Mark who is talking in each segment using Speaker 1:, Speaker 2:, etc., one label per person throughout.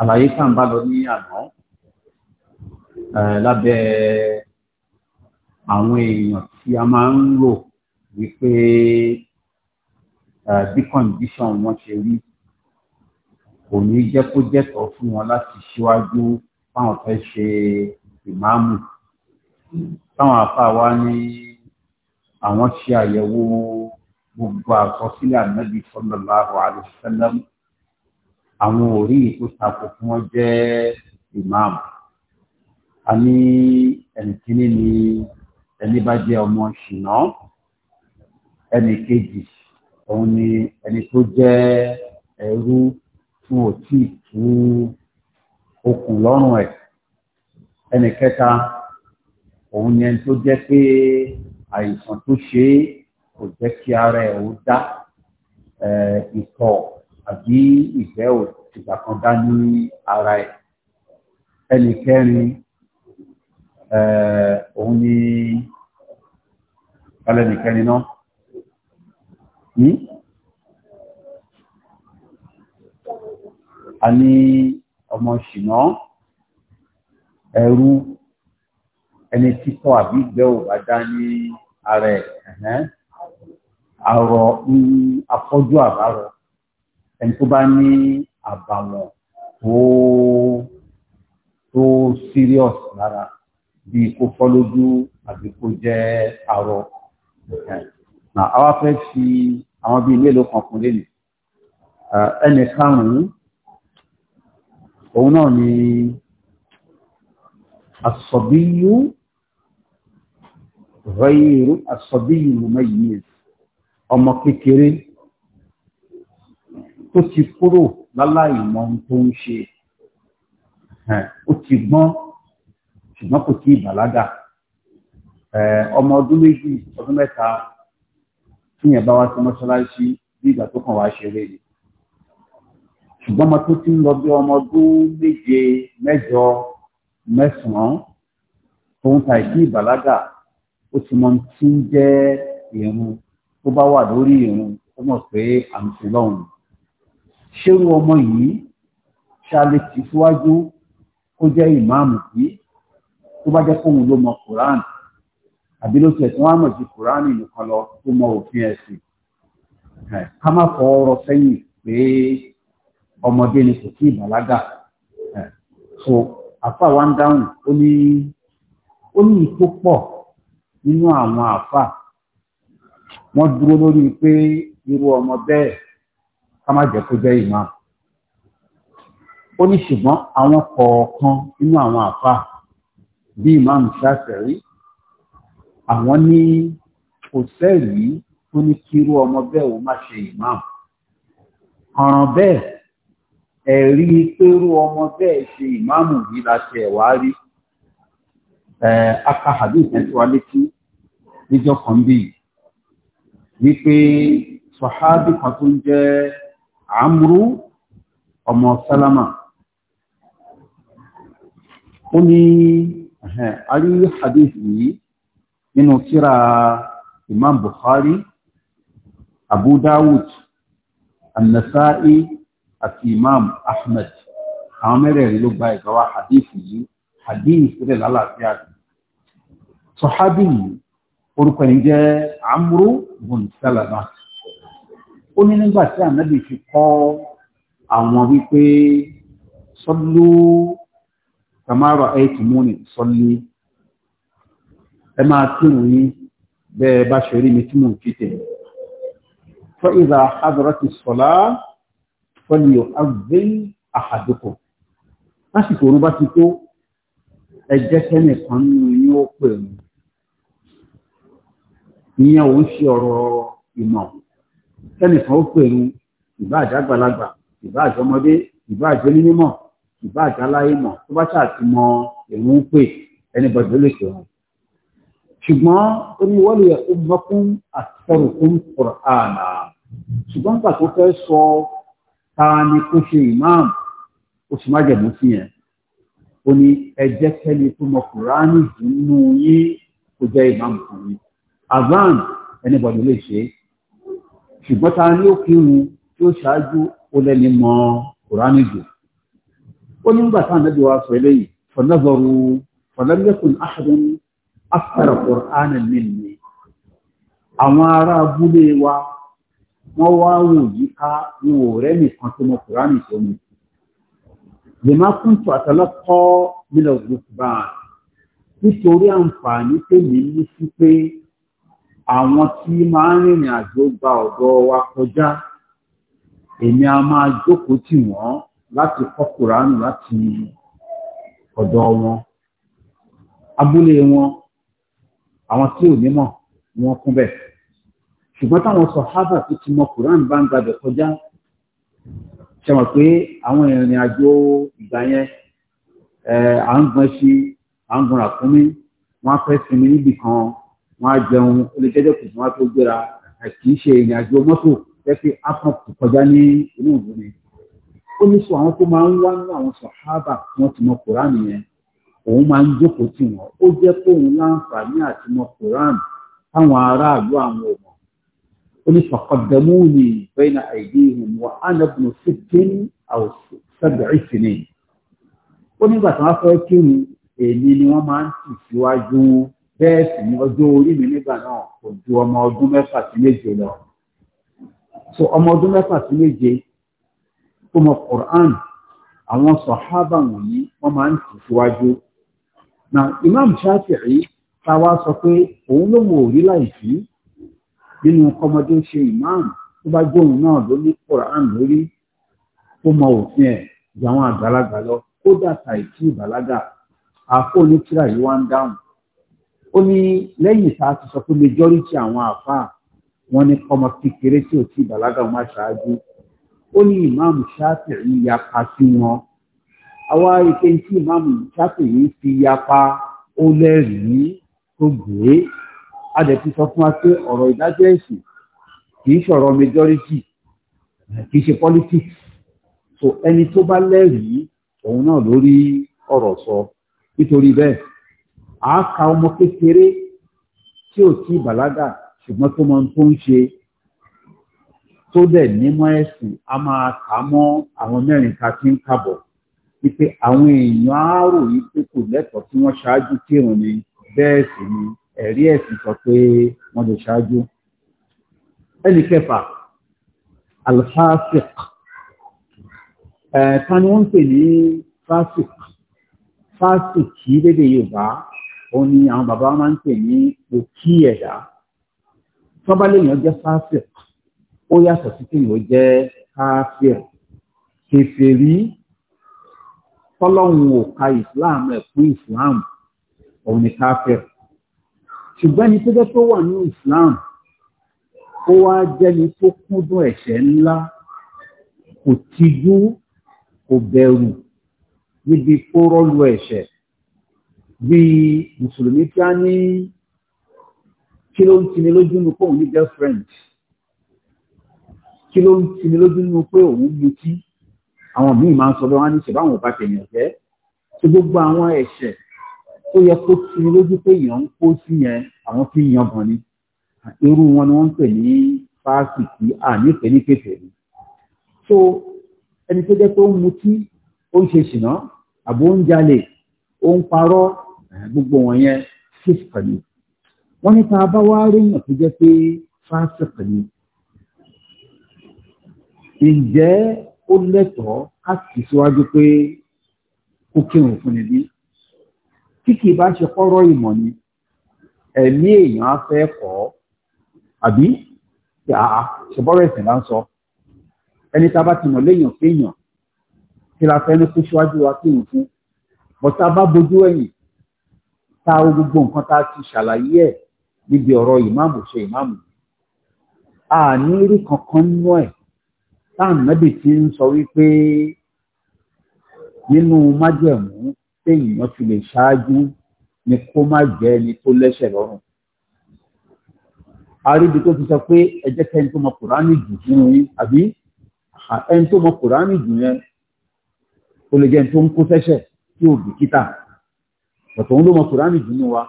Speaker 1: àlàyé sàn bá lọ ní àná lábẹ́ àwọn èèyàn tí a máa ń rò wípé bí condition wọn ṣe rí kò ní jẹ́ kó jẹ́tọ̀ fún wọn láti ṣíwájú báwọn fẹ́ ṣe ìmáàmù táwọn àfáà wa ní àwọn ṣe àyẹ̀wò gbogbo àkọsílẹ̀ ànábì sallallahu alaihi wasallam àwọn orí tó fún wọn jẹ́ imam a ní ẹnìkíní ni ẹni bá jẹ́ ọmọ ṣìnà ẹnì kejì òun ni ẹni tó jẹ́ ẹrú tí wọn ò tí ì tú okùn lọ́rùn ẹ̀ ẹnì kẹta òun ni ẹni tó jẹ́ pé àìsàn tó ṣe é kò jẹ́ kí ara ẹ̀ ó dá ikọ̀ àbí ìgbẹ́ ò ìgbà kan dá ní ara ẹ̀ ẹni kẹrin òun ni ẹlẹ́ni kẹrin náà ní hmm? a ní ọmọ ṣìná ẹrú ẹni títọ́ àbí ìgbẹ́ ò bá dá ní ara ẹ̀ àrọ̀ hmm, afọ́jú àbárọ̀ ẹni tó bá ní àbàwọ́n tó tó serious lára bí kó fọ́ lójú àbí kó jẹ́ arọ. Nà àwa fẹ́ fi àwọn bíi mélòó kan kún lé nì. Ẹnì karùn-ún, òun náà ni àsọ̀bíyú rẹ̀ àsọ̀bíyú mẹ́yìí ọmọ kékeré tó ti kúrò láláìmọ̀ tó ń ṣe ó ti gbọ́n ṣùgbọ́n kò tí ì bàlágà ọmọ ọdún méjì ọdún mẹ́ta tíyẹn bá wá sí mọ́ṣáláṣí bí ìgbà tó kàn wá ṣeré ni ṣùgbọ́n ọmọ tó ti ń lọ bí ọmọ ọdún méje mẹ́jọ mẹ́sàn-án tó ń ta ìdí ìbàlágà ó ti mọ tí ń jẹ́ irun tó bá wà lórí irun ó mọ̀ pé àmì lọ́hùn-ún ṣerú ọmọ yìí ṣàlẹ̀ tì síwájú kó jẹ́ ìmáàmù bí tó bá jẹ́ fóun ló mọ kùránì àbí ló ti ẹ̀sìn wá mọ̀ sí kùránì nìkan lọ tó mọ òfin ẹ̀sìn ká má fọ ọ̀rọ̀ sẹ́yìn pé ọmọdé ni kò tí ì bàlágà so àfa wa ń dáhùn ó ní ó ní ìtó pọ̀ nínú àwọn àfa wọ́n dúró lórí pé irú ọmọ bẹ́ẹ̀ ká má jẹ́ kó jẹ́ imam ó ní ṣùgbọ́n àwọn kọ̀ọ̀kan nínú àwọn àfà bí imam ṣàṣẹ̀rí àwọn ní kò sẹ́rí tó ní kírú ọmọ bẹ́ẹ̀ ò má ṣe imam ọ̀ràn bẹ́ẹ̀ ẹ̀rí pérú ọmọ bẹ́ẹ̀ ṣe ìmáàmù yí láti ẹ̀wà rí aka hadith ẹ̀tí létí níjọ́ kan bí wípé sọ̀hábì kan tó ń jẹ́ amúrú ọmọ sálámà ó ní arí hadith yìí nínú kíra imam bukhari abu dawud annasa'i àti imam ahmed àwọn mẹ́rẹ̀ẹ̀rin ló gba ìgbàwà hadith yìí hadith rẹ̀ lálàáfíà sọ̀hábì yìí orúkọ yìí jẹ́ amúrú bùn sálámà ó ní nígbà tí ànábì fi kọ́ àwọn wípé sọ́lú kàmárọ̀ ẹ̀tì múni sọ́lé ẹ máa kírun yín bẹ́ẹ̀ bá ṣe rí mi tí mò ń fi tẹ̀. fọ́ ìzà àdọ́rọ́tì sọ́lá fọ́lìyọ̀ àgbé àhàdùkù lásìkò orun ti tó ẹ jẹ́ kẹ́nìkan nínú ó pè mí ìyẹn òun ṣe ọ̀rọ̀ ìmọ̀ kẹ́nìkan ó pèrú ìbá àjàgbàlagbà ìbá àjọmọdé ìbá àjọnímọ̀ ìbá àjàláyémọ̀ tó bá ṣàti mọ èrò ń pè ẹnìbọ̀dé lè pè wọn. ṣùgbọ́n oníwọ́lù ẹ̀kọ́ mọ́kún àtọ̀rùkún kọ̀rọ̀ àná ṣùgbọ́n nígbà tó fẹ́ sọ ta ni kó ṣe ìmáàmù oṣù májẹ̀mú sí yẹn ó ní ẹjẹ́ kẹ́ni tó mọ kùránì dùnú yín kó jẹ́ ìmáàmù fún yín. avan ẹnìbọ̀dé lè ṣe é ṣùgbọ́n ta ní ó kírun tí ó ṣáájú ó lẹ́ni mọ kùránì jù ó nígbà tá ànábì wa sọ eléyìí fọlọ́bọ̀rù fọlọ́lẹ́kùn áhàdùn áfẹ́rẹ̀ kùránì nìyí àwọn ará abúlé wa wọ́n wá wò yíká wò rẹ́ nìkan tó mọ kùránì tó mu lèmá kúntù àtàlọ́kọ́ mílẹ̀ òkú nítorí àǹfààní tèmi ní sí pé àwọn tí máa ń rìnrìn àjò gba ọ̀dọ̀ wa kọjá èmi a máa jókòó tì wọ́n láti kọ́ kùránù láti ọ̀dọ̀ wọn abúlé wọn àwọn tí ò nímọ̀ wọn kún bẹ̀ ṣùgbọ́n táwọn sàhábà tó ti mọ kùránù bá ń gbàgbẹ́ kọjá ṣe mọ̀ pé àwọn ìrìn àjò ìgbà yẹn à ń gbọ́n ṣe à ń gbọ́n ràkúnmí wọ́n á fẹ́ sinmi níbì kan wọ́n á jẹun ó lè jẹ́jẹ́ á tó gbéra í ṣe ìrìn àjò mọ́tò jẹ́ pé kò kọjá ní inú ìlú ni. ó ní sọ àwọn tó máa ń wá nínú àwọn sàhábà tí wọ́n ti mọ koran yẹn òun máa ń jókòó tì ó kóun láǹfààní àti mọ koran aráàlú àwọn ọmọ bẹ́ẹ̀ sì ni ọjọ́ orí mi nígbà náà kò ju ọmọ ọdún mẹ́fà sí méje lọ so ọmọ ọdún mẹ́fà sí méje tó mọ Quran àwọn sọ̀hábà wọ̀nyí wọ́n máa ń tì na Imam Shafi'i táwa sọ pé òun ló mọ òrí láìsí nínú kọmọdé ṣe imam tó bá jóun náà ló ní Quran lórí tó mọ òfin ẹ̀ ju àwọn àgbàlagbà lọ kódà tàìtì ìbàlágà àfọ̀ yìí wá ń dáhùn ó ní lẹ́yìn tá a ti sọ pé majority àwọn àfáà wọn ní ọmọ kékeré tí ò tí ìbàlágà wọn aṣáájú ó ní ìmáàmù Ṣáfi'í yapa sí wọn àwa ike tí ìmáàmù Ṣáfi'í fi yapa ó lẹ́rìí tó gbé a dẹ̀ ti sọ fún wa pé ọ̀rọ̀ ìdájọ́ ẹ̀sìn kì í ṣọ̀rọ̀ majority kì í ṣe politics so ẹni tó bá lẹ́rìí òun náà lórí ọ̀rọ̀ sọ nítorí bẹ́ẹ̀ A á ka ọmọ kékeré tí ò tí bàlágà ṣùgbọ́n tó mọ tó ń ṣe tó dẹ̀ nímọ̀ ẹ̀sìn a máa kà á mọ́ àwọn mẹ́rin ká tí ń kàbọ̀ wípé àwọn èèyàn á rò yí pé kò lẹ́tọ̀ọ́ tí wọ́n ṣáájú kírun ni bẹ́ẹ̀ sì ni ẹ̀rí ẹ̀sìn sọ pé wọ́n lè ṣáájú. ẹnì kẹfà alfasik ẹ̀ẹ̀ta ni wọ́n ń pè ní fasik fasik kì í lédè Yorùbá òun ni àwọn bàbá máa ń pè ní òkí ẹ̀dá tọ́ba léèyàn jẹ́ sáfìr ó yàtọ̀ sí kéèyàn jẹ́ sáfìr kèfèrí tọ́lọ́hun ò ka islam ẹ̀ islam òun ni káfíìr ṣùgbọ́n ẹni tó jẹ́ tó wà ní islam ó wá jẹ́ni tó kúndùn ẹ̀ṣẹ̀ ńlá kò tijú kò bẹ̀rù níbi kó rọ́lu ẹ̀ṣẹ̀ bí mùsùlùmí tí a ní kí ló ń tini lójú nu pé òun ní girlfriend kí ló ń tini lójú nu pé òun mutí àwọn míì máa ń sọ lọ́wọ́ á ní ṣe báwọn ò bá tẹ̀yàn tí gbogbo àwọn ẹ̀ṣẹ̀ tó yẹ kó tini lójú pé èèyàn ń kó sí yẹn àwọn tí yan bọ̀ ni irú wọn ni wọ́n ń pè ní fásitì àníkèé ní kékeré so ẹni tó jẹ́ pé ó ń mutí ó ń ṣe ṣìnà àbò ń jalè ó ń parọ́ Eh, gbogbo wọn yẹn fífà ni wọ́n ní tá a bá wá réyàn tó jẹ́ pé fásitì ni ǹjẹ́ ó lẹ́tọ̀ọ́ á sì síwájú pé kó kírun fún ni bí tí kì í bá ṣe kọ́rọ́ ìmọ̀ ni ẹ̀mí èèyàn á fẹ́ kọ́ àbí àá ṣùgbọ́n ẹ̀sìn là ń sọ ẹni tá a bá ti mọ̀ léèyàn kéèyàn kí la fẹ́ ní kó síwájú wa kírun fún bọ́tá bá bojú ẹ̀yìn ta o gbogbo nǹkan tá a ti ṣàlàyé ẹ̀ níbi ọ̀rọ̀ ìmáàmù ṣe ìmáàmù a ní rí kankan nínú ẹ̀ táàmẹ́bì ti ń sọ wípé nínú májẹ̀mú téèyàn fi lè ṣáájú ni kó má jẹ́ ẹni tó lẹ́ṣẹ̀ lọ́rùn àríbi tó ti sọ pé ẹ jẹ́ kẹ́ni tó mọ kùránì jù fún yín àbí ẹni tó mọ kùránì jù yẹn ó lè jẹ́ ẹni tó ń kó sẹ́ṣẹ̀ tí ò bìkítà ọ̀tọ̀ òun ló mọ kùránì jù ní wa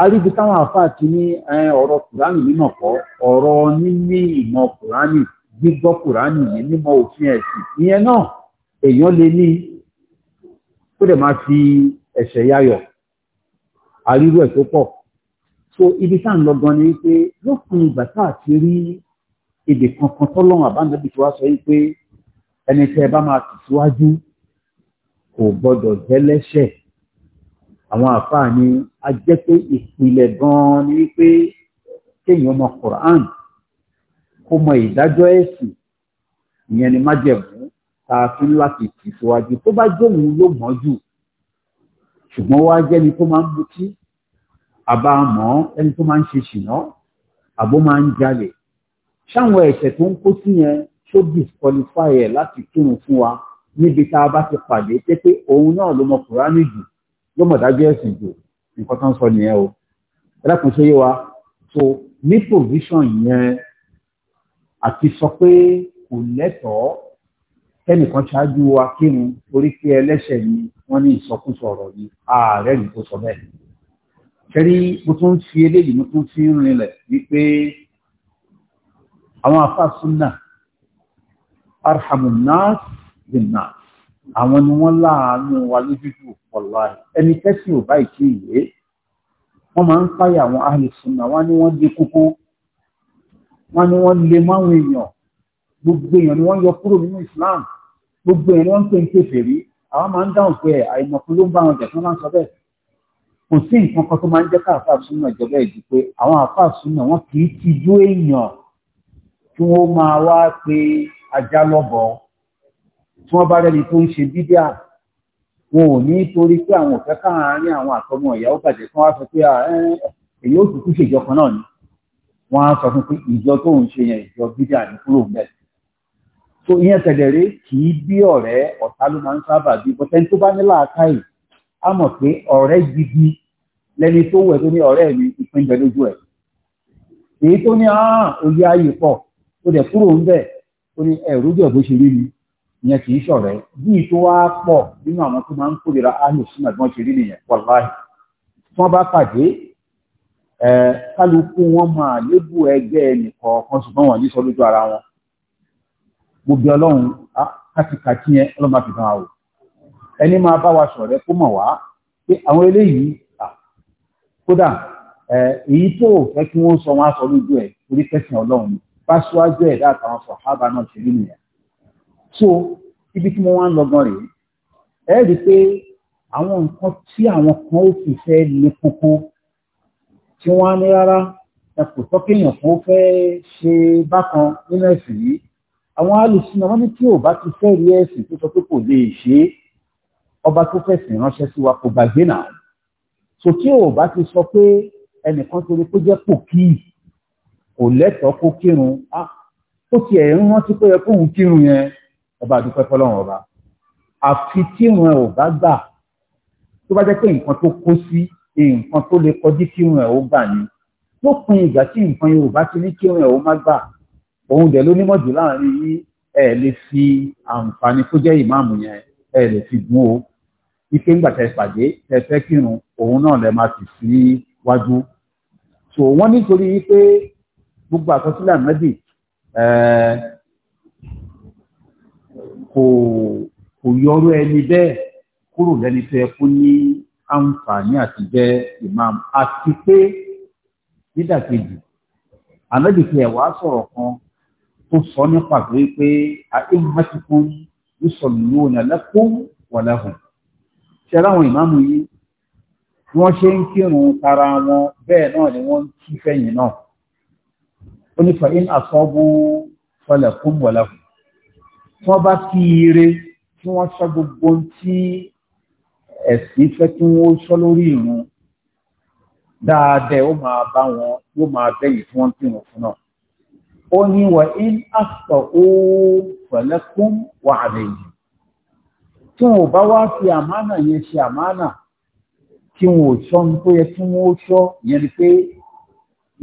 Speaker 1: aríbi táwọn àfáà ti ní ọ̀rọ̀ kùránì mímọ̀ ọ̀rọ̀ níní ìmọ̀ kùránì gbígbọ́ kùránì yìí mímọ̀ òfin ẹ̀sìn ìyẹn náà èèyàn lè ní kó dẹ̀ fi ẹ̀ṣẹ̀ yáyọ̀ ẹ̀ ibi ń lọ gan ni pé ìgbà tá ti rí èdè kankan tọ́lọ́run sọ yìí pé ẹni tẹ́ ẹ àwọn àfáà ni a jẹ́ pé ìpìlẹ̀ gan-an ni wípé kéèyàn mọ Qur'an kó mọ ìdájọ́ ẹ̀sìn ìyẹn ni májẹ̀mú tá a fi ń láti tì síwájú tó bá jóun ló mọ̀ jù ṣùgbọ́n wá jẹ́ni tó máa ń mutí àbá mọ́ ẹni tó máa ń ṣe ṣìná àbó máa ń jalè ṣáwọn ẹ̀ṣẹ̀ tó ń kó sí yẹn tó disqualify ẹ̀ láti kírun fún wa níbi tá a bá ti pàdé pé pé òun náà ló mọ Kùránì jù ló mọ̀ dájú ẹ̀sìn jù nǹkan tó ń sọ nìyẹn o ẹlẹ́kùn ṣe yé wa so ní provision yẹn àti sọ pé kò lẹ́tọ̀ọ́ kẹ́nìkan ṣáájú wa kírun orí pé ẹlẹ́ṣẹ̀ ni wọ́n ní ìsọkúsọ ọ̀rọ̀ yìí ààrẹ ní tó sọ bẹ́ẹ̀ kẹ́rí mo tún fi eléyìí mo tún fi ń rinlẹ̀ wípé àwọn afáàsúnà arhamun bin nas àwọn ni wọ́n láàánú wa lójújú ọ̀la ẹni tẹ́sí ò bá ìtí ìwé wọ́n máa ń fáyà àwọn àìsùnà wọ́n ní wọ́n dé kókó wọ́n ní wọ́n lè máwọn èèyàn gbogbo èèyàn ni wọ́n yọ kúrò nínú Islam gbogbo èèyàn ni wọ́n ń pè ń pèsè rí àwọn máa ń dáhùn pé àìmọ̀kún ló ń bá wọn jẹ̀ tí wọ́n máa ń sọ bẹ́ẹ̀ kò sí nǹkan kan tó máa ń jẹ́ káàfà súnà ìjọba tí wọ́n bá rẹ́ni tó ń ṣe bídíà wọn ò ní torí pé àwọn òfẹ́ káàárín àwọn àtọmọ ìyàwó bàjẹ́ tí wọ́n á sọ pé èyí ò tún ṣèjọ kan náà ni wọ́n á sọ fún pé ìjọ tó ń ṣe yẹn ìjọ bídíà ní kúrò ń bẹ̀. so ìyẹn tẹ̀lé rí kì í bí ọ̀rẹ́ ọ̀tá ló máa ń sábà bí bọ́tẹ́ni tó bá ní làákàyè á mọ̀ pé ọ̀rẹ́ gidi lẹni tó wẹ̀ tó ní ọ̀rẹ́ mi ìpínjẹ lójú ẹ̀ èyí tó ní ààrùn oyè ayè pọ̀ ó dẹ̀ kúrò ń bẹ̀ ó ní ẹ̀rú jẹ̀ bó ṣe rí mi ìyẹn kì í ṣọ̀rẹ́ bíi tó wá pọ̀ nínú àwọn tó máa ń kórìíra alùsùnà bí wọ́n ṣe rí nìyẹn wàláhì tí wọ́n bá pàdé ẹ kálukú wọn máa lébù ẹgbẹ́ nìkọ̀ọ̀kan ṣùgbọ́n wọn ní sọ lójú ara wọn mo ọlọ́run kátikàtí yẹn ọlọ́run fi kan àwò ẹni máa bá wa ṣọ̀rẹ́ kó mọ̀ wá pé àwọn eléyìí kódà èyí tó fẹ́ kí wọ́n sọ wọn aṣọ lójú ẹ̀ torí kẹsàn-án ọlọ́run bá ṣíwájú so ibi tí mo wá ń lọ́gán rèé ẹ rí i pé àwọn nǹkan tí àwọn kan ó fi fẹ́ le koko tí wọ́n á ní rárá ẹ kò tọ́ kéèyàn kan ó fẹ́ ṣe bákan nínú ẹ̀sìn yìí àwọn alùsùnà wọn ní tí ò bá ti fẹ́ rí ẹ̀sìn tó sọ pé kò lè ṣe é ọba tó fẹ̀sìn ránṣẹ́ sí wa kò gbàgbé náà so tí ò bá ti sọ pé ẹnìkan torí kó jẹ́ pòkì kò lẹ́tọ̀ọ́ kó kírun ah, ó tiẹ̀ ń rántí pé ẹ kóhun kírun yẹn ọba àdúpẹ́ fọlọ́run ọba àfi tí wọn ò bá gbà tó bá jẹ́ pé nǹkan tó kó sí nǹkan tó lè kọjú kí wọn ò gbà ni lópin ìgbà tí nǹkan yóò bá ti ní kí wọn ò má gbà òun dẹ̀ ló nímọ̀ jù láàrin yín ẹ lè fi àǹfààní tó jẹ́ ìmáàmù yẹn ẹ lè fi gún o ike ńgbà tẹ pàdé tẹ fẹ́ kírun òun náà lẹ máa tì sí wájú so wọ́n nítorí wípé gbogbo àkọsílẹ̀ ànábì ẹ̀ẹ́ kò yọrú ẹni bẹ́ẹ̀ kúrò lẹ́ni tó yẹ kó ní àǹfààní àti jẹ́ imam àti pé nídàkejì àmẹ́jìkì ẹ̀wà sọ̀rọ̀ kan tó sọ ní pàtó pé àìmọ́tìkún yusalluna lakum wa lahum ṣe láwọn ìmáàmù yìí wọ́n ṣe ń kírun tara wọn bẹ́ẹ̀ náà ni wọ́n ti fẹ̀yìn náà ó ní fa in asabu falakum wa lahum wọ́n bá fi ire tí wọ́n sọ gbogbo tí ẹ̀sìn fẹ́ kí wọ́n sọ lórí ìrun dáadáa ó máa bá wọn yóò máa bẹ́yìn tí wọ́n ń pìrùn fún náà ó ní wà in àpọ̀ ó pẹ̀lẹ́kún wà àlẹ́yìn tí wọn bá wá fi àmánà yẹn ṣe àmánà kí wọn sọ ní tó yẹ kí sọ yẹn ni pé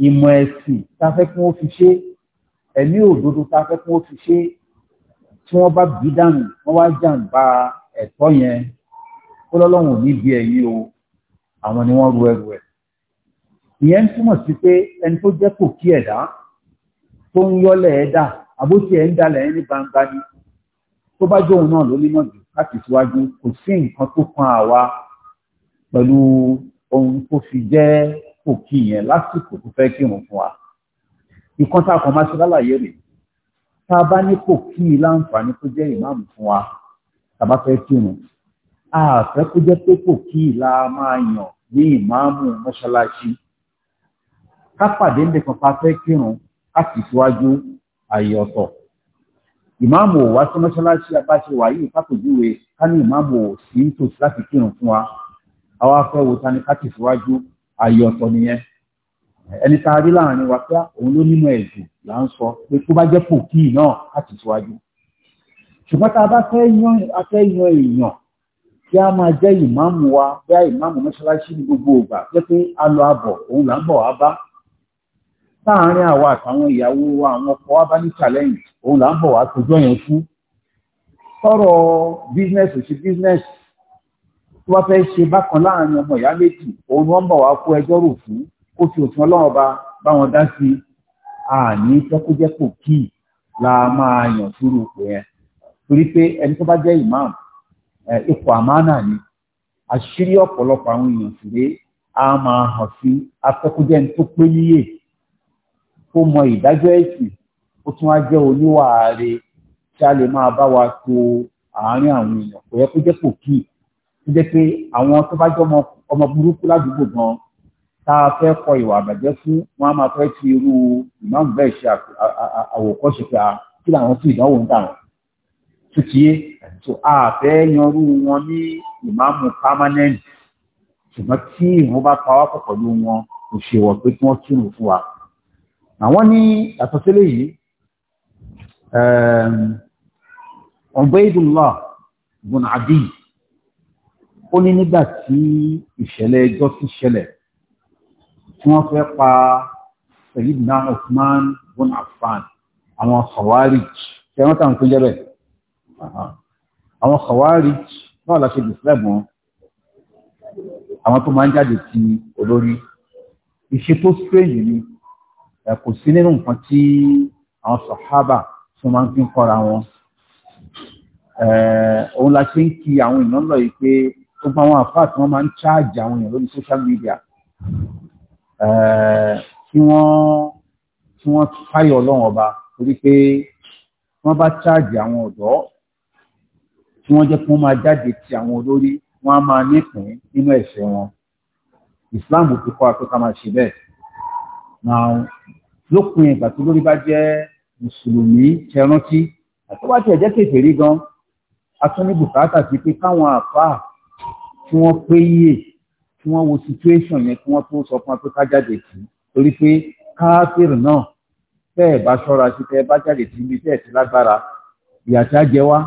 Speaker 1: ìmọ̀ ẹ̀sìn tá a fẹ́ kí wọ́n fi ṣe ẹ̀mí òdodo tá a fẹ́ kí wọ́n fi ṣe tí wọ́n bá bí dànù wọ́n wá jàǹbá ẹ̀tọ́ yẹn ó lọ́lọ́run ò ní o àwọn ni wọ́n ru ẹrù ẹ̀. ìyẹn ń túmọ̀ sí pé ẹni tó jẹ́ kò kí ẹ̀dá tó ń yọ́lẹ̀ ẹ̀dá àbótí ẹ̀ ń dalẹ̀ ẹ̀ ní gbangba ni tó bá jóun náà ló nímọ̀ jù láti síwájú kò sí nǹkan tó kan àwa pẹ̀lú ohun tó fi jẹ́ kò kí yẹn lásìkò tó fẹ́ kírun fún wa. ìkan tá a ṣe lálàyé rèé tá a bá nípò kí i láǹfààní kó jẹ́ ìmáàmù fún wa tàbá fẹ́ kírun a fẹ́ kó jẹ́ pé kò kí i la máa yàn ní ìmáàmù mọ́ṣáláṣí ká pàdé nìkan pa fẹ́ kírun ká sì síwájú àyè ọ̀tọ̀ ìmáàmù ò wá sí mọ́ṣáláṣí abáṣe wà yìí kápòjúwe ká ní ìmáàmù ò sí tòsí láti kírun fún wa àwa fẹ́ wo ta ni ká sì síwájú àyè ọ̀tọ̀ nìyẹn ẹni tá a rí láàrin wa pé òun ló nínú ẹ̀dùn là ń sọ pé tó bá jẹ́ pòkì náà á ti síwájú ṣùgbọ́n tá a bá fẹ́ yan afẹ́ yan èèyàn kí a máa jẹ́ ìmáàmù wa bí i ìmáàmù mọ́ṣáláṣí ní gbogbo ìgbà jẹ́ pé a lọ abọ̀ òun là ń bọ̀ wá bá láàárín àwa àtàwọn ìyàwó wa àwọn ọkọ wa bá ní challenge òun là ń bọ̀ wá tójọ́ yẹn fún tọrọ business òṣì business tó bá fẹ́ ṣe bákan láàárín ọmọ ìyá méjì òun wọn bọ̀ wá kó ẹjọ́ rò fún kó fi òfin ọlọ́run ọba bá wọn dá sí i àní jẹ́kójẹ́kò kí la máa yàn sórí ipò yẹn torí pé ẹni tó bá jẹ́ imam ipò àmánà ni àṣírí ọ̀pọ̀lọpọ̀ àwọn èèyàn sílé a máa hàn sí afẹ́kójẹ́ ní tó pé níyè kó mọ ìdájọ́ ẹ̀sìn ó tún wá jẹ́ oníwàáre tí a lè máa bá wa to àárín àwọn èèyàn kò yẹ kó jẹ́ pò kí tó pé àwọn tó bá jẹ́ ọmọ burúkú ládùúgbò gan-an tá a fẹ́ kọ ìwà àbàjẹ́ fún wọn a máa fẹ́ ti irú ìmáàmù bẹ́ẹ̀ ṣe àwòkọ́ṣe pé ah, kí làwọn sì ìdánwò ń dàwọn títí tó a fẹ́ yanrú wọn ní ìmáàmù permanent ṣùgbọ́n tí ìwọ́n bá pawọ́ pọ̀ pẹ̀lú wọn kò ṣe wọ̀ pé kí wọ́n túnú fún wa. àwọn ní àtọ́sílẹ̀ yìí ehm, Ubaydullah ibn Adi ó ní nígbà tí ìṣẹ̀lẹ̀ ẹjọ́ ti ṣẹlẹ̀ tí wọ́n fẹ́ pa Sayyidina Uthman bin Affan àwọn Khawarij tẹ́wọ́n tàn tó jẹ́bẹ̀ àwọn Khawarij náà láti dìsílẹ̀bùn àwọn tó máa ń jáde ti olórí iṣẹ́ tó strange ni kò sí nínú nǹkan tí àwọn sàhábà tó máa ń fi ń kọ́ra wọn òun la ṣe ń kí àwọn èèyàn lọ yìí pé gbogbo àwọn àfáà tí wọ́n máa ń cháàjì àwọn èèyàn lórí social media kí wọ́n kí wọ́n fáyọ̀ ọlọ́run ọba torí pé wọ́n bá cháàjì àwọn ọ̀dọ́ tí wọ́n jẹ́ kí máa jáde ti àwọn olórí wọ́n á máa nípìn nínú ẹ̀ṣẹ̀ wọn Islam ti kọ́ akẹ́kọ̀ọ́ máa ṣe bẹ́ẹ̀ náà lópin ìgbà tó lórí bá jẹ́ mùsùlùmí tẹrántí àti wá kékeré gan a tún ní bùkátà sí pé káwọn àfáà tí wọ́n péye kí wọ́n wo situation yẹn kí wọ́n tó sọ fún wa pé ká jáde tì í torí pé káfíìrì náà tẹ́ ẹ̀ bá ṣọ́ra sí tẹ́ ẹ bá jáde tì í bí tẹ́ ẹ̀ ti lágbára ìyàtí á jẹ wá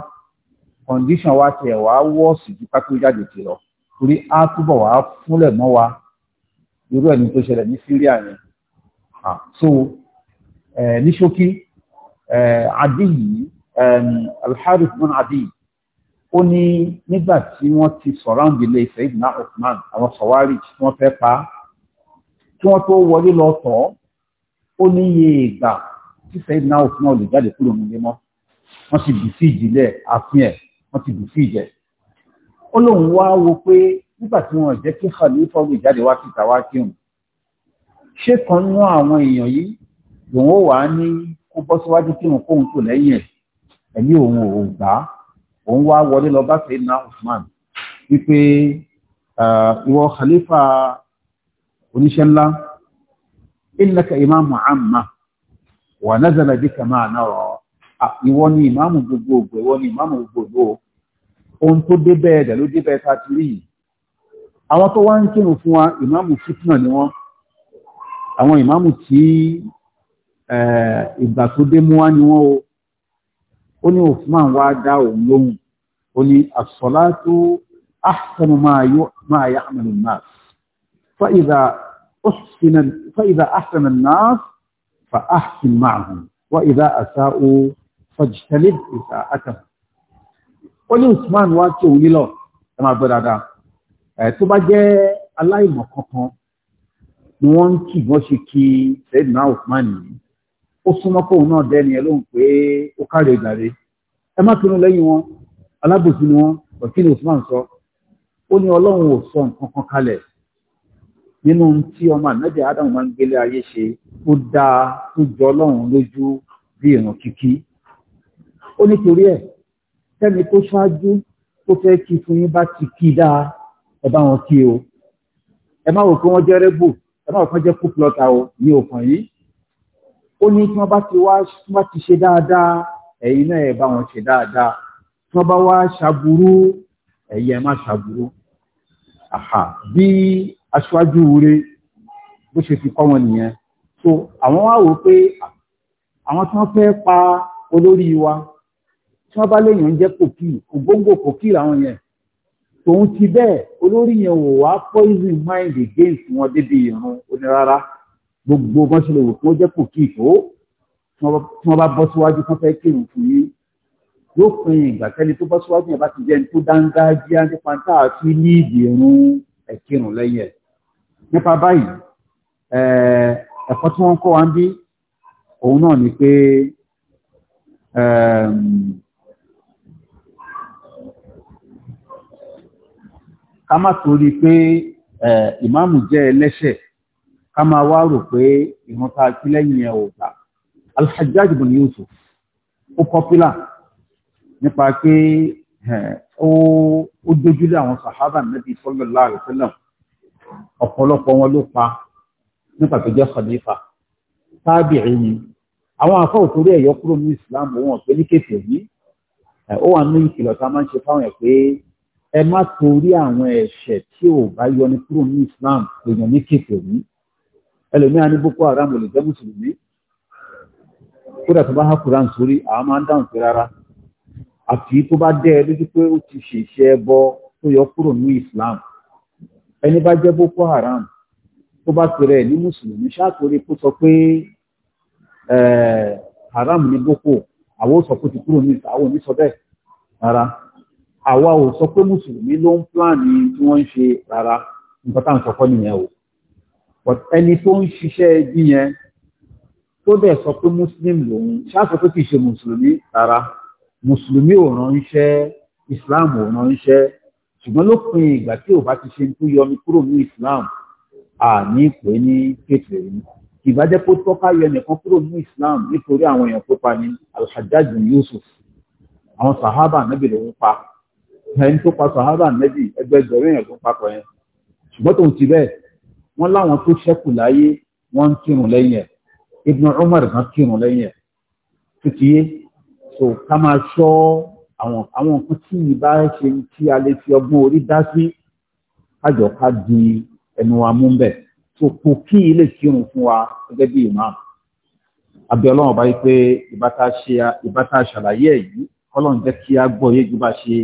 Speaker 1: condition wa tẹ̀ wá wọ́ọ̀sì ju ká tó jáde tì lọ torí á túbọ̀ wá fúnlẹ̀ mọ́ wa irú ẹni tó ṣẹlẹ̀ ní Syria yẹn so ní ṣókí Adi yìí Al-Harith Adi yìí ó ní nígbà tí wọ́n ti sọ̀ráǹdì ilé Sayyidina Uthman àwọn sọ̀wárì tí wọ́n fẹ́ pa kí wọ́n tó wọlé lọ tọ̀ ó ní iye ìgbà tí Sayyidina Uthman lè jáde kúrò nílé mọ́ wọ́n ti bù sí ìjìnlẹ̀ àfihàn wọ́n ti bù sí ìjẹ́ ó lóun wá wo pé nígbà tí wọ́n jẹ́ kí Khalifa lè jáde wá síta wá kí òun ṣé kan nú àwọn èèyàn yìí lòun ó wàá ní kó bọ́ síwájú kí òun kóhun tó lẹ́yìn ẹ̀ ẹ̀mí òun ò gbà á òun wá wọlé lọ bá Sayyidina Usman wípé ìwọ khalifa oníṣẹ́ ńlá innaka imamu amma wa nazala bika ma nara ìwọ ni ìmáàmù gbogbogbò ìwọ ni ìmáàmù gbogbogbò ohun tó dé bẹ́ẹ̀ dẹ̀ ló dé bẹ́ẹ̀ tá a ti rí yìí àwọn tó wá ń kírun fún wa ìmáàmù fitna ni wọ́n àwọn ìmáàmù tí ìgbà tó dé mú wá ni wọ́n o ó ní Usman wá dá òun lóhùn ó ní as-salatu ahsanu ma ya'malu an-nas fa idha ahsana fa idha ahsana an-nas fa ahsin ma'ahum wa idha asa'u fajtanib isa'atahum ó ní máa gbọ́ dáadáa ẹ̀ wọ́n ń kì wọ́n ṣe kí Sayyidina Usman yìí ó súnmọ́ kóun náà dẹ́ni ẹ lóhùn pé ó kárí ìgbàre ẹ má kínú lẹ́yìn wọn alábòsí ni wọn ọ̀kínú Usman sọ ó ní ọlọ́run ò sọ nǹkan kan kalẹ̀ nínú tí ọmọ ànábì Ádámù máa ń gbélé ayé ṣe ó dáa tó jọ ọlọ́run lójú bí ìran kíkí ó nítorí ẹ̀ tẹ́ni tó ṣáájú tó fẹ́ kí fún yín bá ti kí dáa ẹ bá wọn kí o ẹ má wò pé wọ́n jẹ́ rẹ́bù ẹ má wò pé wọ́n jẹ́ kúpùlọ́ta o ní òkàn yìí ó ní tí wọ́n bá ti wá wá ti ṣe dáadáa ẹ̀yin náà ẹ bá wọn ṣe dáadáa tí wọ́n bá wá ṣàbùrú ẹ̀yin má ṣàbùrú àhà bí aṣáájú rẹ bó ṣe fi kọ́ wọn nìyẹn so àwọn wá wò pé àwọn tí wọ́n fẹ́ pa olórí wa tí wọ́n bá léèyàn jẹ́ kòkì ògbóǹgbò kòkì làwọn yẹn tòun ti bẹ́ẹ̀ olórí yẹn wò wá poison mind against wọn débi ìrún onírárá gbogbo bọ́n ṣe lè wò fún ó jẹ́ kò kí ìfó tí wọ́n bá bọ́ síwájú fún fẹ́ kírun fún yín yóò pin ìgbà tẹ́ni tó bọ́ síwájú yẹn bá ti jẹ́ ní tó dángájíá nípa tá a fi ní ìdí irun ẹ̀kírun lẹ́yìn ẹ̀ nípa báyìí ẹ̀kọ́ tí wọ́n kọ́ wa ń bí òun náà ni pé ká má torí pé ìmáàmù jẹ́ ẹlẹ́ṣẹ̀ ká máa wá rò pé ìran tá a kí lẹ́yìn ẹ̀ ò gbà Al-Hajjaj ibn Yusuf ó pọ́pílà nípa pé ó dójúlé àwọn sàhábà Nabi sallallahu alaihi wasallam ọ̀pọ̀lọpọ̀ wọn ló pa nípa tó jẹ́ khalifa tábìrì ni àwọn afọ òtórí ẹ̀yọ́ kúrò ní Islam wọn pé ní kéfì yìí ó wà ní ìkìlọ̀ tá a máa ń ṣe fáwọn ẹ̀ pé ẹ má torí àwọn ẹ̀ṣẹ̀ tí ò bá yọni kúrò ní Islam èèyàn ní kéfì yìí a ní boko haram lè jẹ́ mùsùlùmí kódà tó bá há quran sórí àwọn máa ń dáhùn sí rárá àfi tó bá dẹ́ otu lójú pé ó ti ẹbọ tó yọ kúrò ní islam ẹni bá jẹ́ boko haram tó bá pèrè ní mùsùlùmí ṣáàtòrí kó sọ pé haram ní boko àwọn ò sọ pé ti kúrò ní àwọn sọ bẹ́ẹ̀ rárá àwa ò sọ pé mùsùlùmí ló ń pláàní tí wọ́n but ẹni tó ń ṣiṣẹ́ ẹbí yẹn tó dẹ̀ sọ pé muslim lòun ṣáàsọ pé kì í ṣe mùsùlùmí rárá mùsùlùmí ò ránṣẹ́ islam ò ránṣẹ́ ṣùgbọ́n lópin ìgbà tí ò bá ti ṣe tó yọmi kúrò ní islam àní pé ní kékeré ìbájẹ́ kó tọ́ka yọ nìkan kúrò ní islam nítorí àwọn èèyàn tó pa ní alhajjaj yusuf àwọn sahaba nabi lòun pa ẹni tó pa sahaba nabi ẹgbẹgbẹ̀rún èèyàn tó pa pọ̀ yẹn ṣùgbọ́n tóun ti bẹ́ẹ̀ wọ́n láwọn tó ṣẹ́kù láyé wọ́n ń kírun lẹ́yìn ẹ̀ Ibn Umar kan kírun lẹ́yìn ẹ̀ títí yé so ká máa ṣọ́ àwọn àwọn nǹkan tí ìbá ṣe tí a lè fi ọgbọ́n orí dá sí kájọ ká di ẹnu wa mú bẹ́ẹ̀ so kò kí ilé kírun fún wa gẹ́gẹ́ bí imam abẹ́ ọlọ́run báyìí pé ìbáta ṣàlàyé yìí ọlọ́run jẹ́ kí a gbọ́ yé ju bá ṣe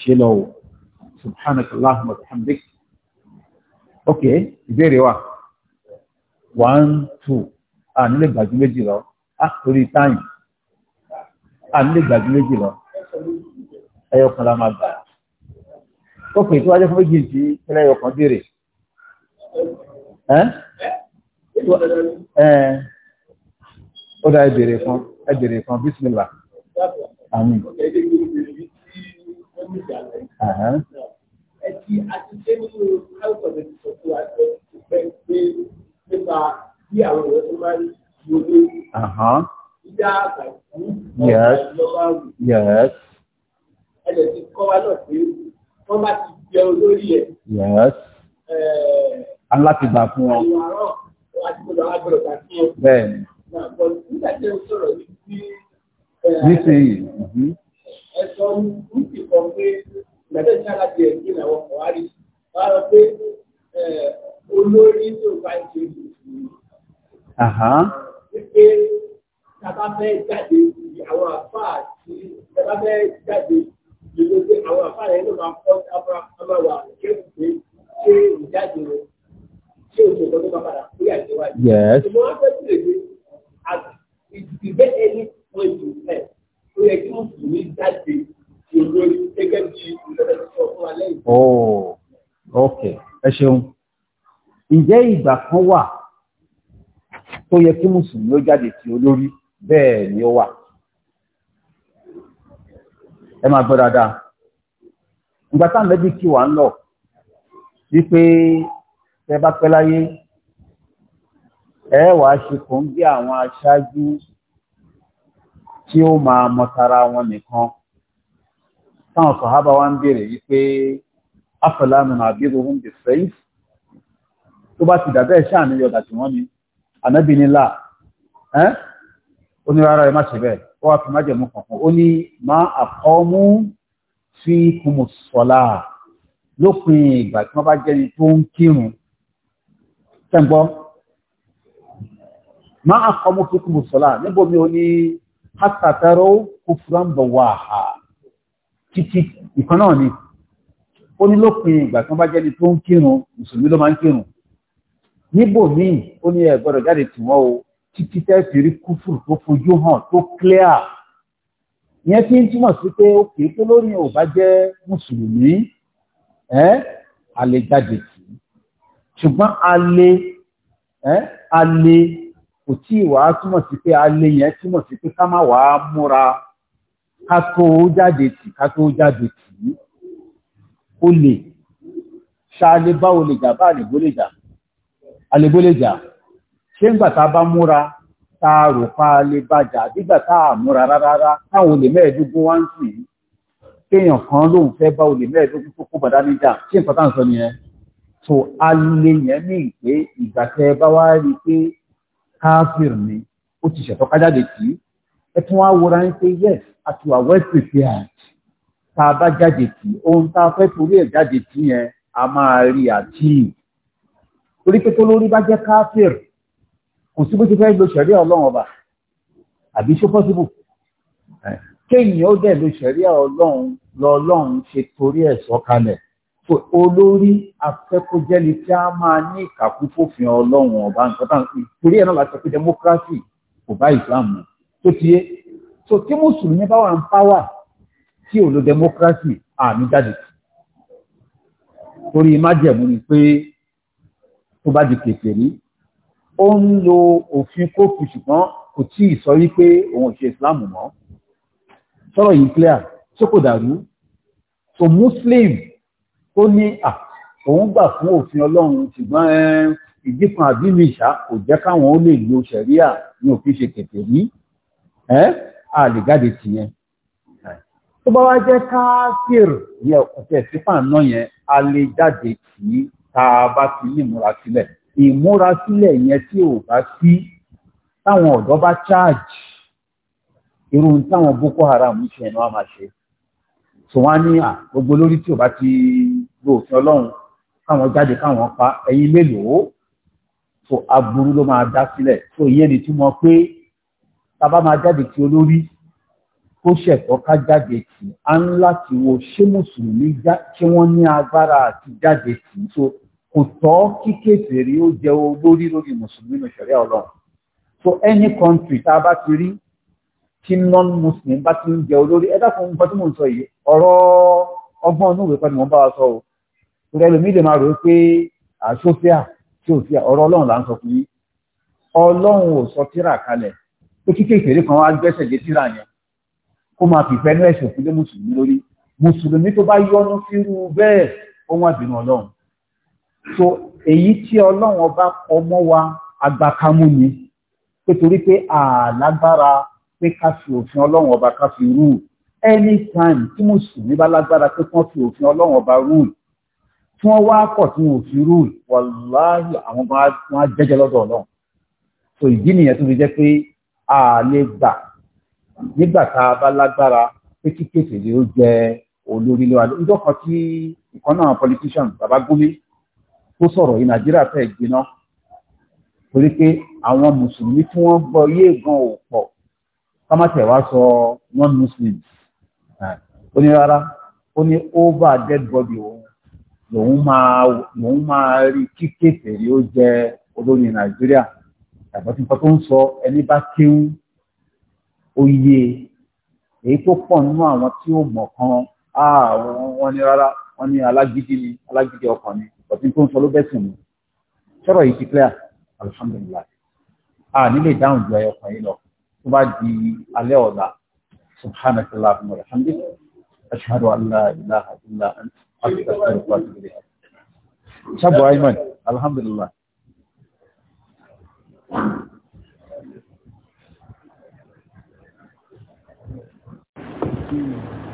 Speaker 1: ṣe lọ o subhanakallahumma wa bihamdik ok ìbéèrè wa one two a nílé gbàjú méjì lọ a torí táyì a nílé gbàjú méjì lọ ẹyọ kan la máa gbà ok tí wájú fún méjì tí ẹlẹ́yọ kan béèrè ẹ́ ẹ́ ó dá ìbéèrè kan ìbéèrè kan bísímìlà àmín ẹtì àtijọ́ nínú káwùtọ̀ lè sọ fún wa pé ìfẹ́ pé nípa bí àwọn èèyàn tó máa ń yọ ní ìyá àgbàkú ọ̀gá ìjọba ẹ̀jẹ̀ ti kọ́ wa náà pé wọ́n bá ti jẹ olórí ẹ̀. alátìgbà fún ọ. bẹ́ẹ̀ni. nísìnyí. ẹ̀sọ́ ní ìkọ̀ pé gbàtẹ́ ìṣẹ́ aláti ẹ̀ kí làwọn kọ̀ wá rí wá lọ pé olórí tó bá ṣe wípé tàbá fẹ́ jáde àwọn àfà àti tàbá fẹ́ jáde ìlú pé àwọn àfà rẹ̀ ló máa kọ́ amáwà kéwùké ṣé ìjáde rẹ̀ ṣé òṣèlú tó bá padà kó yà jẹ́ wáyé. ìmọ̀ wọn fẹ́ sílẹ̀ pé ìgbẹ́ ẹni pọ̀ jù ẹ̀ ó yẹ kí wọ́n sì ní jáde olórí Oh, okay. Ẹ ṣeun. Ǹjẹ́ ìgbà kan wà tó yẹ kí Mùsùlùmí ó jáde ti olórí bẹ́ẹ̀ ni ó wà? Ẹ máa gbọ́ dáadáa. Ìgbà táwọn lẹ́bí kí wà ń lọ wípé tẹ bá pẹ́ láyé ẹ ṣe kò ń gbé àwọn aṣáájú tí ó máa mọ wọn nìkan táwọn sọ̀hábà wá ń bèèrè wípé afẹ́lámìnà àbírò ń bè fẹ́yìn tó bá ti dàbẹ́ ṣáà ní yọ̀dà tí wọ́n ni ànábì nílà ẹ́ ó ní rárá ẹ má ṣe bẹ́ẹ̀ ó wá fi má jẹ̀mú kankan ó ní má àkọ́mú fi kùmù sọ̀lá lópin ìgbà tí wọ́n bá jẹ́ni tó ń kírun tẹ́ǹgbọ́ má àkọ́mú fi kùmù sọ̀lá níbo mi ò ní hátàtàró kúfúrán bọ̀ wà títí ìkan náà ni ó ní lópin ìgbà tí wọ́n bá jẹ́ni tó ń kírun mùsùlùmí ló máa ń kírun níbò míì ó ní ẹ jáde tì wọ́n o títí tẹ́sí rí kúfùrù tó fojú hàn tó clear ìyẹn tí ń túmọ̀ sí pé ó kìí pé lórí ò bá jẹ́ mùsùlùmí ẹ́ a lè jáde tì í ṣùgbọ́n a lè ẹ́ a kò tí ì wàá túmọ̀ sí pé a yẹn túmọ̀ sí pé ká má wàá múra ká tó jáde tì ká tó jáde tì í ó lè ṣáálé bá o lè jà bá àlègbó lè jà ṣé ńgbà tá a bá múra tá a rò pa lè bàjà nígbà tá a múra rárá táwọn olè mẹ́ẹ̀ẹ́dógún wá ń sì í kéèyàn kan lóun fẹ́ bá olè mẹ́ẹ̀ẹ́dógún tó kó bàdá níjà ṣé nǹkan tá ń sọ nìyẹn ẹ tún wá wọra ń pé yes àti wà well prepared tá a bá jáde tì ohun tá a fẹ́ torí ẹ̀ jáde tì yẹn a máa rí àtìyìn torí pé tó lórí bá jẹ́ káfíìr kò sí bó ti fẹ́ lo ṣẹ̀ríà ọlọ́run ọba àbí ṣó pọ́sibù kéèyàn ó dẹ̀ lo ṣẹ̀ríà ọlọ́run lọ́lọ́run ṣe torí ẹ̀ sọ̀kalẹ̀ olórí afẹ́kójẹ́ni tí a máa ní ìkàkú fòfin ọlọ́run ọba nǹkan tán torí ẹ̀ náà láti sọ pé democracy kò bá ìsìlámù mu tó ti yé so tí mùsùlùmí bá wà ń pàwà tí ò lo democracy àmì jáde torí májẹ̀mú ni pé tó bá di kèfè ní ó ń lo òfin kófù ṣùgbọ́n kò tí ì sọ wípé òun ò ṣe islam mọ́ sọ̀rọ̀ yìí clear tó kò dàrú so muslim tó ní à òun gbà fún òfin ọlọ́run ṣùgbọ́n ìdí kan àbí mi ìṣá kò jẹ́ káwọn ó lè lo ṣẹ̀ríà ní òfin ṣe kèfè ní ẹ́ àlègáde tì yẹn tó bá wá jẹ́ káàkiri yẹ ọ̀tẹ̀ sípà náà yẹn àlèjáde tì í tá a bá ti ní ìmúra sílẹ̀ ìmúra sílẹ̀ yẹn tí ò bá sí táwọn ọ̀dọ́ bá charge irú táwọn Boko Haram ṣe ẹ̀nà wa máa ṣe tí wọ́n á ní à gbogbo lórí tí ò bá ti lo òfin Ọlọ́run káwọn jáde káwọn pa ẹ̀yin mélòó so aburú ló máa dá sílẹ̀ so ìyẹn ni túmọ̀ pé tàbá máa jáde tí olórí tó ṣẹ̀tọ́ ká jáde tì á ń láti wo ṣé mùsùlùmí ṣé wọ́n ní agbára àti jáde tì so kò tọ́ kí kèfèrí ó jẹ olórí lórí mùsùlùmí ní ṣẹ̀ríà ọlọ́run so any country tá a bá ti rí tí non-muslim bá ti ń jẹ olórí ẹ dákun nǹkan tí mò ń sọ yìí ọ̀rọ̀ ọgbọ́n inú ìwé kan ni bá wa sọ o torí ẹlòmíì lè máa rò ó pé àṣọfíà tí ò fi ọ̀rọ̀ ọlọ́run là ń sọ fún yín ọlọ́run ò sọ tírà kalẹ̀ pé kí kékeré kan wá gbẹ́sẹ̀ lé tíra yẹn kó máa fìfẹ́ ní ẹ̀sìn òfin lé mùsùlùmí lórí mùsùlùmí tó bá yọnu sírú bẹ́ẹ̀ ó wá ọlọ́run so èyí tí ọlọ́run ọba kọ mọ́ wa agbákámú ni pé torí pé àlágbára pé ká fi òfin ọlọ́run ọba ká fi rú anytime tí mùsùlùmí bá lágbára pé kán fi òfin ọlọ́run ọba rú tí wọ́n wá pọ̀ tí wọn ò fi rú wàláhì àwọn bá wọn á jẹ́jẹ́ lọ́dọ̀ ọlọ́run so ìdí nìyẹn tó fi jẹ́ pé àlè gbà nígbà tá a bá lágbára pé kí kèfèrè ó jẹ olórí lé wa lọ́jọ́ kan tí ìkan náà politician bàbá gómìn tó sọ̀rọ̀ yìí nàìjíríà fẹ́ gbiná torí pé àwọn mùsùlùmí tí wọ́n gbọ́ yé gan ò pọ̀ kámátẹ̀ wá sọ non muslims ó ní rárá ó ní over dead body òun lòun máa lòun máa rí kí kèfèrè ó jẹ olórí nàìjíríà tàbí nǹkan tó ń sọ ẹni bá kéwú oyè èyí tó pọ̀ nínú àwọn tí ó mọ̀ kan wọ́n ní rárá wọ́n ní alágídí ni alágídí ọkàn ni tàbí tó ń sọ ló bẹ́sùn mi sọ̀rọ̀ yìí ti clear alhamdulilayi a nílé ìdáhùn ju ẹyọ kan yìí lọ tó bá di alẹ́ ọ̀la subhanahu wa ta'ala alhamdulilayi ashhadu an la ilaha illa anta astaghfiruka wa atubu ilayk. sabu ayman alhamdulilayi. Thank hmm. you.